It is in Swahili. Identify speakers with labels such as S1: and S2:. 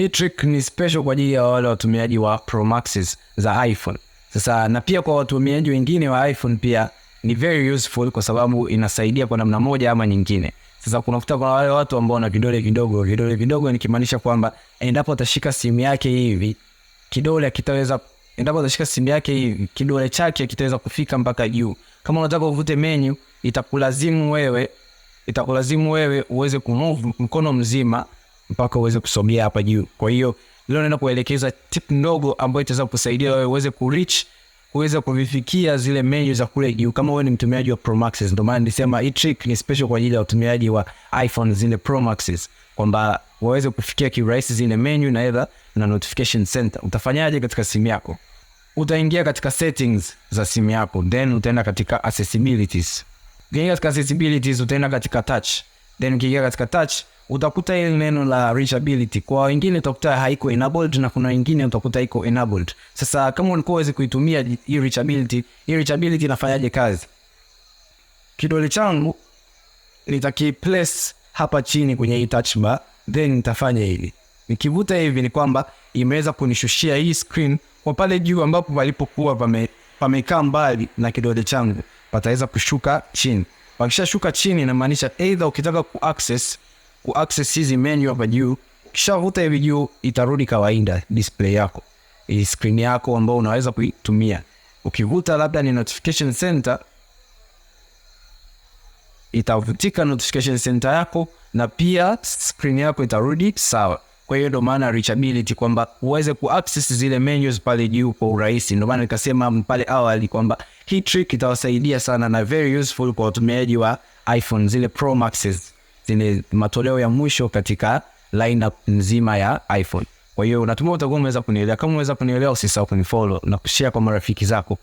S1: Hii trick ni special kwa ajili ya wale watumiaji wa Pro Maxes za iPhone. Sasa na pia kwa watumiaji wengine wa iPhone pia ni very useful kwa sababu inasaidia kwa namna moja ama nyingine. Sasa kuna kunakuta kwa wale watu ambao wana vidole vidogo, vidole vidogo nikimaanisha kwamba endapo atashika simu yake hivi kidole kitaweza endapo atashika simu yake hivi kidole chake kitaweza kufika mpaka juu. Kama unataka uvute menu, itakulazimu wewe itakulazimu wewe uweze kumove mkono mzima mpaka uweze kusomea hapa juu. Kwa hiyo leo naenda kuelekeza tip ndogo ambayo itaweza kukusaidia wewe uweze kureach kuweza kuvifikia zile menu za kule juu kama wewe ni mtumiaji wa Pro Maxes. Ndio maana nilisema hii trick ni special kwa ajili ya watumiaji wa iPhone zile Pro Maxes, kwamba waweze kufikia kirahisi zile menu na either na notification center. Utafanyaje katika simu yako? Utaingia katika settings za simu yako, then utaenda katika accessibilities. Ukiingia katika accessibilities, utaenda katika touch, then ukiingia katika touch utakuta hili neno la reachability kwa wengine utakuta haiko enabled na kuna wengine utakuta iko enabled. Sasa kama ulikuwa uwezi kuitumia hii reachability, hii reachability inafanyaje kazi? Kidole changu nitakiplace hapa chini kwenye hii touch bar, then nitafanya hili nikivuta hivi, ni kwamba imeweza kunishushia hii screen kwa pale juu ambapo palipokuwa pame, mbali na kidole changu, pataweza kushuka chini. wakishashuka chini, inamaanisha either ukitaka kuaccess kuaccess hizi menu hapa juu. Ukishavuta hivi juu, itarudi kawaida display yako, screen yako ambayo unaweza kuitumia. Ukivuta labda ni notification center, itavutika notification center yako na pia screen yako itarudi sawa. Kwa hiyo ndo maana reachability, kwamba uweze kuaccess zile menus pale juu kwa urahisi. Ndo maana nikasema pale awali kwamba hii trick itawasaidia sana na very useful kwa watumiaji wa iPhone zile Pro Maxes zile matoleo ya mwisho katika lineup nzima ya iPhone. Kwa hiyo natumai utakuwa umeweza kunielewa. Kama umeweza kunielewa, usisahau kunifollow na kushare kwa marafiki zako.